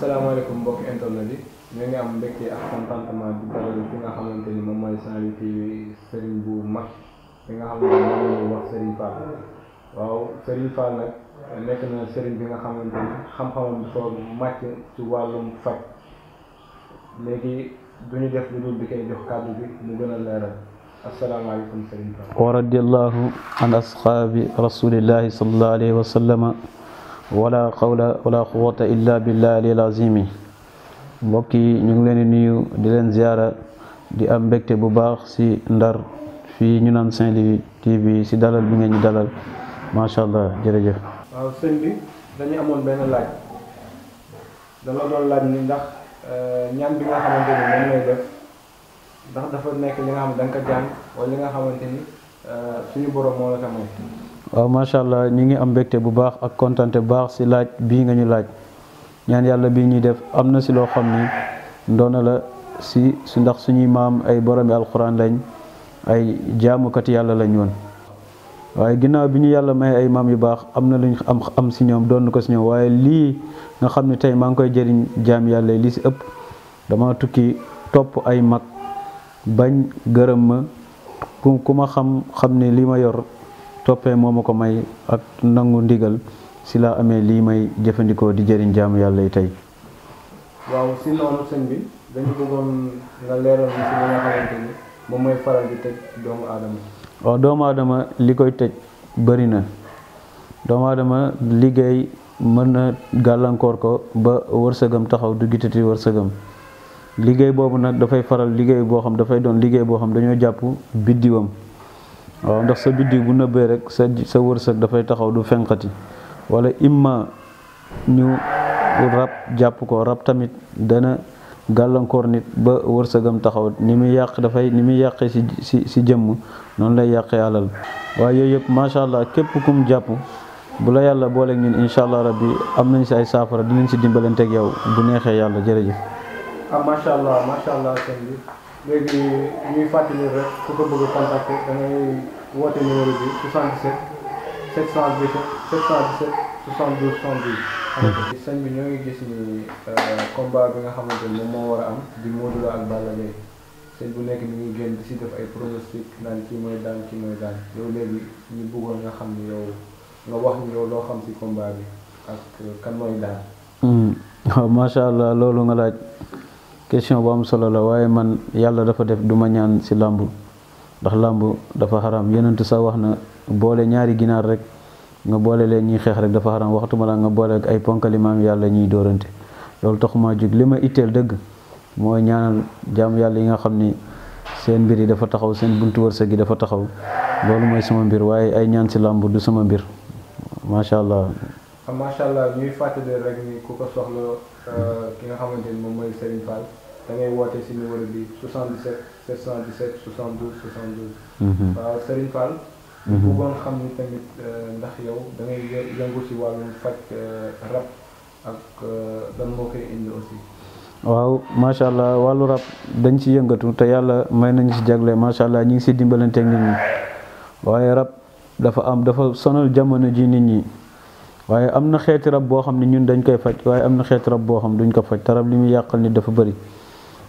salaamaaleykum mbokk internet yi ñu ngi am mbégte ak contentement di dalal fi nga xamante ni moom mooy Saint-Louis TV sëriñ bu mag bi nga xam ne moom la ñuy wax sëriñ Fall waaw sëriñ Fall nag nekk na sëriñ bi nga xamante ni xam-xamam dafa màcc ci wàllum faj léegi du ñu def lu dul di koy jox kàddu bi mu gën a leeral asalaamaaleykum sëriñ Fall wa radiyallahu an asxaabi rasulillahi sallallahu alayhi wa sallama ولا قول ولا قوة إلا بالله العلي العظيم مبكي نغلن نيو دلن زيارة دي أم بكت بباخ سي ندار في نينان سين لي تي في سي دالال بي نيو دالال ما شاء الله جرجف سين بي داني أمون بين اللاج دالا دول لاج ني ندخ نيان بي نغا نان لاي ديف ندخ دافا نيك ليغا خامن دانكا جان ولا ليغا خامنتيني سونو بوروم مولا تامي waaw oh, macha allah ñu ngi am mbégte bu baax ak kontante bu baax si laaj bii nga ñu laaj ñaan yàlla bii ñuy def am na si loo xam ni ndoona la si su ndax suñuy maam ay boromi alquran lañ ay jaamukati yàlla lañ woon waaye ginnaaw bi ñu yàlla may ay maam yu baax am na luñ am am si ñoom doon ko si ñoom waaye lii nga xam ne tey maa ngi koy jëriñ jaam yàlla li si ëpp dama tukki topp ay mag bañ gërëm ma ku ma xam xam ne li ma yor topé momako may ak nangou ndigal sila amé li may jëfëndiko di jëriñ jaamu yalla yi tey. waaw si nonu sëñ bi dañu bëggoon nga léral ci li nga xamante ni moom mooy faral di tej doomu adama wa doomu adama li koy tëj bëri na doomu adama liggéey mën na gàllankoor ko ba wërsëgam taxaw du gitati wërsëgam liggéey boobu nag dafay faral liggéey boo xam dafay doon liggéey boo xam dañoo jàpp biddiwam. waaw ndax sa biddiw bu nëbbee rek sa sa wërsëg dafay taxaw du fenqati wala imma ñu rab jàpp ko rab tamit dana gàllankoor nit ba wërsëgam taxaw ni muy yàq dafay ni muy yàqee si si si jëmm noonu lay yàqee alal waaye yooyu yëpp macha allah képp kum jàpp bu la yàlla booleeg ñun incha allah rabbi am nañ si ay saafara dinañ si dimbalanteeg yow bu neexee yàlla jërëjëf. Ah, léegi ñuy fàttali rek ku ko bëgg a contacter da ngay woote numéro bi 77 717 717 72 72. sañ bi ñoo ngi gis ni euh, combat bi nga xamante ni moom moo war a am di Modou Lo ak Balla Gaye sëñ bu nekk mi ngi génn di si def ay pronostic naan kii mooy daan kii mooy daan yow léegi ñu bëggoon nga xam ni yow nga wax ni yow loo xam si combat bi ak kan mooy daan. Hmm. waaw macha allah loolu nga laaj. question bu am solo la waaye man yàlla dafa def du ma ñaan si làmb ndax làmb dafa xaram yenentu sax wax na boole ñaari ginaar rek nga boole leen ñuy xeex rek dafa xaram waxtuma la nga boole ak ay ponkaliment maam yàlla ñuy dóorante loolu taxumaa jóg li ma itteel dëgg mooy ñaanal jaamu yàlla yi nga xam ni seen mbir yi dafa taxaw seen buntu wërsëg gi dafa taxaw loolu mooy sama mbir waaye ay ñaan si làmb du sama mbir macha allah xam ah, macha allah ñuy fàttali rek ni ku ko soxla euh, ki nga xamante ni moom mooy Serigne Fall da ngay woote si numéro bi 77 717 72 72. waaw Serigne Fall. Mhm. bëggoon xam ni tamit euh, ndax yow da ngay yëngu si wàllum faj euh, rab ak lan moo koy indi aussi. waaw macha allah wàllu rab dañ ci yëngatu te yàlla may nañu si jagle macha allah ñu ngi si dimbalante nit ñi waaye rab dafa am dafa sonal jamono ji nit ñi. waaye am na xeeti rab boo xam ne ñun dañ koy faj waaye am na xeeti rab boo xam duñ ko faj te rab li muy yàqal nit dafa bëri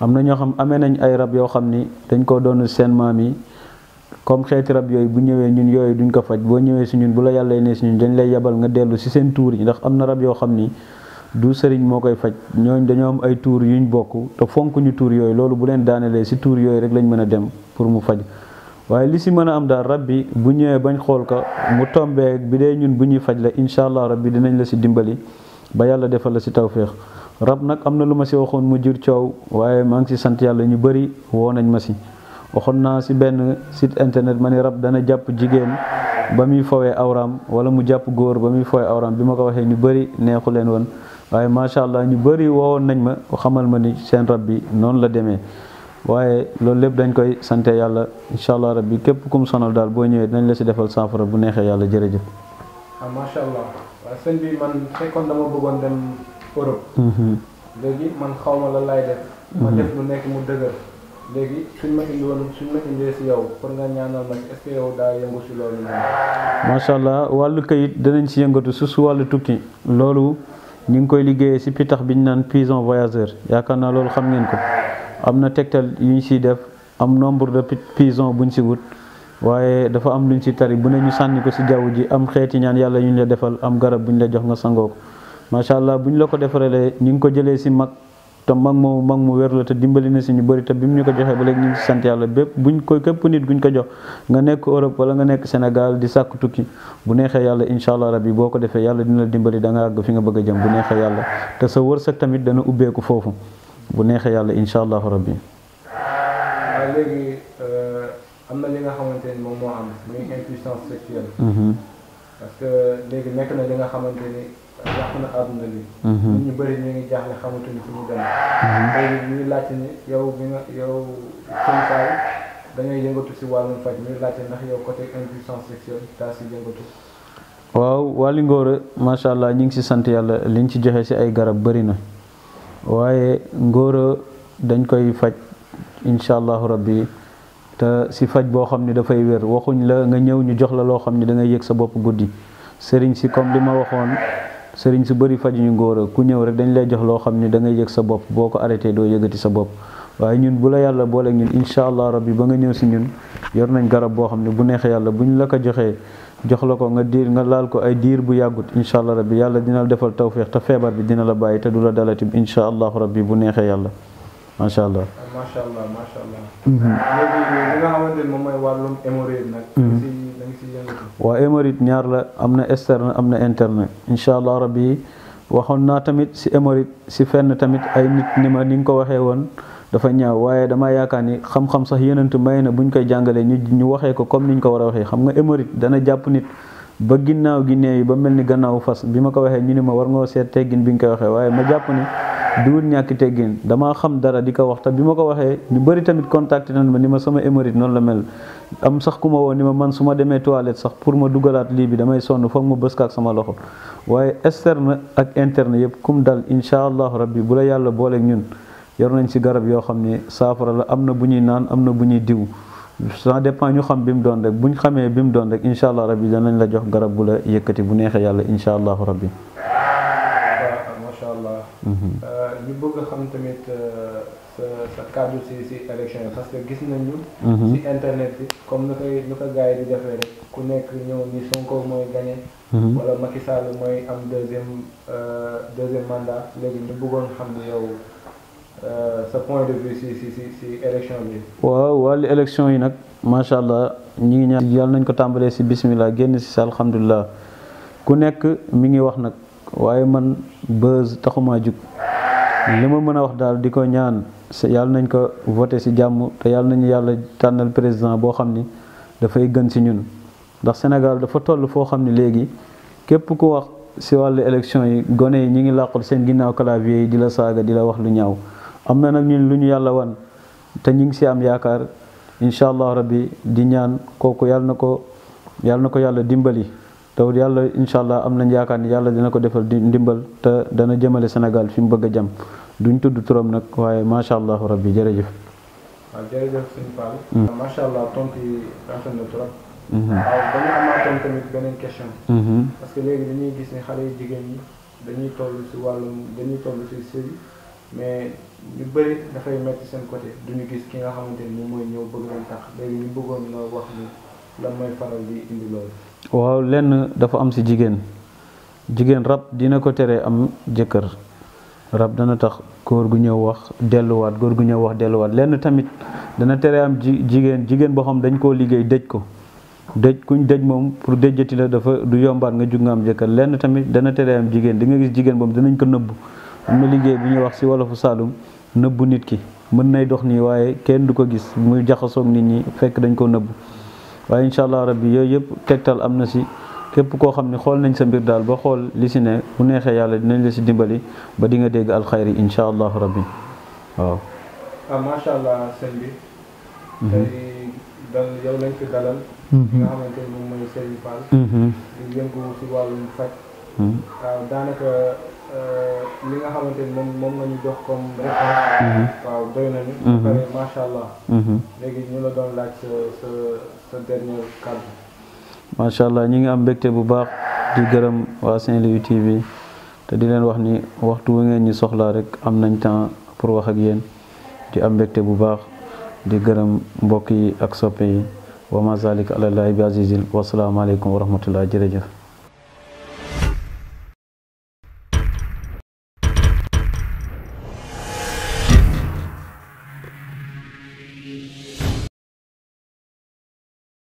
am na ñoo xam amee nañ ay rab yoo xam ni dañ ko doon seen maam yi comme xeeti rab yooyu bu ñëwee ñun yooyu duñ ko faj boo ñëwee si ñun bu la yàlla ne si ñun dañ lay yebal nga dellu si seen tuur yi ndax am na rab yoo xam ni du sëriñ moo koy faj ñooñ dañoo am ay tuur ñu bokk te fonk ñu tuur yooyu loolu bu leen daanelee si tuur yooyu rek lañ mën a dem pour mu faj waaye li si mën a am daal rab bi bu ñëwee bañ xool ko mu tombee bi dee ñun bu ñuy faj la incha allah rab bi dinañ la si dimbali ba yàlla defal la si tawféex rab nag am na lu ma si waxoon mu jur coow waaye maa ngi si sant yàlla ñu bëri woo nañ ma si waxoon naa si benn site internet ma ni rab dana jàpp jigéen ba muy fowee awraam wala mu jàpp góor ba muy fowee awraam bi ma ko waxee ñu bëri neexu leen woon waaye macha allah ñu bëri woowoon nañ ma xamal ma ni seen rab bi noonu la demee waaye loolu lépp dañ koy sante yàlla incha allah rabbi képp kum sonal daal boo ñëwee dinañ la si defal saafara bu neexee yàlla jërëjëf. ah macha allah waaye sëñ bi man fekkoon dama bëggoon mhm. man xaw mhm. ma la laay mu dëgër. léegi suñ yow pour nga ñaanal nag est-ce que macha allah wàllu kayit danañ si yëngatu su su wàll tukki loolu ñu ngi koy liggéeyee si pitax bi ñu naan pison voyageur yaakaar naa loolu xam ngeen ko. am na tegtal yu ñu siy def am nombre de bu ñu si wut waaye dafa am lu si tari bu ne ñu sànni ko si jaww ji am xeeti ñaan yàlla yuñ la defal am garab buñ la jox nga sangoo macha allah buñ la ko defaree ñu ngi ko jëlee si mag te mag moomu mag mu wér la te dimbali na si ñu bi mu ñu ko joxee ba léegi ñu sant yàlla bépp buñ ko képp nit guñ ko jox nga nekk Europe wala nga nekk Sénégal di sàkk tukki bu neexee yàlla incha allah rabbi boo ko defee yàlla dina la dimbali danga nga àgg fi nga bëgg a jëm bu neexee yàlla te sa wërsëg tamit dana ubbeeku foofu. bu neexee yàlla incha allahu rabbi. waaw léegi euh, am na li nga xamante ni moom moo am muy impuissance sexuelle. Mhm. parce que léegi nekk na li nga xamante ni yàq na àdduna bi. Mhm. ñu bëri ñu ngi jaaxle xamatuñu fu ñu mhm. ñuy laajte ni yow bi nga yow Sénégal dañuy yëngatu si wàllum faj ñuy laajte ndax yow côté impuissance sexuelle daa si yëngatu. waaw Waly Ngor macha allah ñu ngi si sant yàlla li liñ ci joxe si ay garab bari na. waaye ngóora dañ koy faj incha allahu rabbi te si faj boo xam ni dafay wér waxuñ la nga ñëw ñu jox la loo xam ni da ngay yëg sa bopp guddi sëriñ si comme li ma waxoon sëriñ su bëri fajuñu ngóora ku ñëw rek dañ lay jox loo xam ni da ngay yëg sa bopp boo ko arrêté doo yëgati sa bopp waaye ñun bu la yàlla booleeg ñun incha allah rabbi ba nga ñëw si ñun yor nañ garab boo xam ne bu neexee yàlla bu ñu la ko joxee jox la ko nga diir nga laal ko ay diir bu yàggut incha allah rabbi yàlla dina la defal tawféex te feebar bi dina la bàyyi te du la dalati incha allahu rabbi bu neexee yàlla macha allah. macha allah macha allah. Mhm. Ah, mhm. ñaar la am na externe am na internet incha allah rabbi waxoon naa tamit si hémorroïde si fenn tamit ay nit ni ma ni nga ko waxee woon. dafa ñaaw waaye dama yaakaar ni xam-xam sax yenentu may na bu ñu koy jàngalee ñu ñu waxee ko comme ni niñ ko war a waxee xam nga émérite dana jàpp nit ba ginnaaw gi neeyi ba mel ni gannaaw fas bi ma ko waxee ñu ni ma war nga seet teggin bi nga koy waxee waaye ma jàpp ni diwul ñàkk teggin damaa xam dara di ko wax te bi ma ko waxee ñu bëri tamit contacté nañ ma ni ma sama émérite noonu la mel am sax ku ma woon ni ma man su ma demee toilette sax pour ma dugalaat lii bi damay sonn foog ma bës ak sama loxo waaye externe ak interne yëpp kum dal incha allahu bi bu la yàlla booleeg ñun yor nañ si garab yoo xam ni saafara la am na bu ñuy naan am na bu ñuy diw ça dépend ñu xam bi mu doon rek bu ñu xamee bi mu doon rek incha allah rabbi danañ la jox garab bu la yëkkati bu neexee yàlla incha allahu rabbi. macha allah. ñu bëgg xam tamit sa sa kàddu si si élection yi parce que gis nañu. si internet bi comme nu koy nu ko gars yi di defee rek ku nekk ñëw ni Sonko mooy gagné. wala Macky Sall mooy am deuxième deuxième mandat léegi ñu bëggoon xam ne yow. Euh, sa point de vue si si si si bi. waaw wàll élection yi nag macha allah ñu ngi ñaan yàlla nañ ko tàmbalee si bismillah génn si sa alhamdulilah ku nekk mu ngi wax nag waaye man buzz taxumaa jug li ma mën a wax daal di ko ñaan yàlla nañ ko voté si jàmm te yàlla nañu yàlla tànnal président boo xam ni dafay gën si ñun ndax Sénégal dafa toll foo xam ne léegi képp ku wax si wàll élection yi gone yi ñu ngi làqul seen ginnaaw clavier yi di la saaga di la wax lu ñaaw. am na nag ñun ñu yàlla wan te ñu ngi si am yaakaar incha allah rabbi di ñaan kooku yàlla na ko yàlla na ko yàlla dimbali te yàlla incha allah am nañ yaakaar ni yàlla dina ko defal ndimbal te dana jëmale Sénégal fi mu bëgg a duñ tudd turam nag waaye macha allah rabbi jërëjëf. waaw jërëjëf mm. yi rafet na trop. Mm-hmm. waaw mm-hmm. léegi dañuy gis ne xale yu jigéen ñi dañuy toll si wàllum dañuy toll si série mais ñu bëri dafay metti seen côté duñu gis ki nga xamante ni moom mooy ñëw bëgg leen tax léegi ñu bëggoon nga wax ni lan mooy faral di indi loolu. waaw lenn dafa am si jigéen jigéen rab dina ko teree am jëkkër rab dana tax góor gu ñëw wax delluwaat góor gu ñëw wax delluwaat lenn tamit dana teree am ji jigéen jigéen boo xam dañ koo liggéey dëj ko. dëj kuñ moom pour dëjati la dafa du yombaat nga jug nga am jëkkër lenn tamit dana teree am jigéen di nga gis jigéen boobu danañ ko nëbbu. am na liggéey bi ñuy wax si wolofu Saalum nëbbu nit ki mën nay dox nii waaye kenn du ko gis muy jaxasoog nit ñi fekk dañ ko nëbbu waaye incha allah rabbi yooyu yëpp tegtal am na si képp koo xam ni xool nañ sa mbir daal ba xool li si ne bu neexee yàlla dinañ la si dimbali ba di nga dégg alxayri incha allah rabbi waaw. ah macha allah mhm. yow lañ fi dalal. Mhm. Mhm. Ah, daanaka. Euh, li nga xamante ni moom mm-hmm. mm-hmm. allah. Mm-hmm. ñu ñi ngi am mbégte bu baax di gërëm waa Saint-Louis te di leen wax ni waxtu wu ngeen ñu soxlaa rek am nañ temps pour wax ak yéen di am mbégte bu baax di gërëm mbokk yi ak soppe yi wa ma zalik alalaahi bi azizil wasalaamaaleykum wa rahmatullah jërëjëf.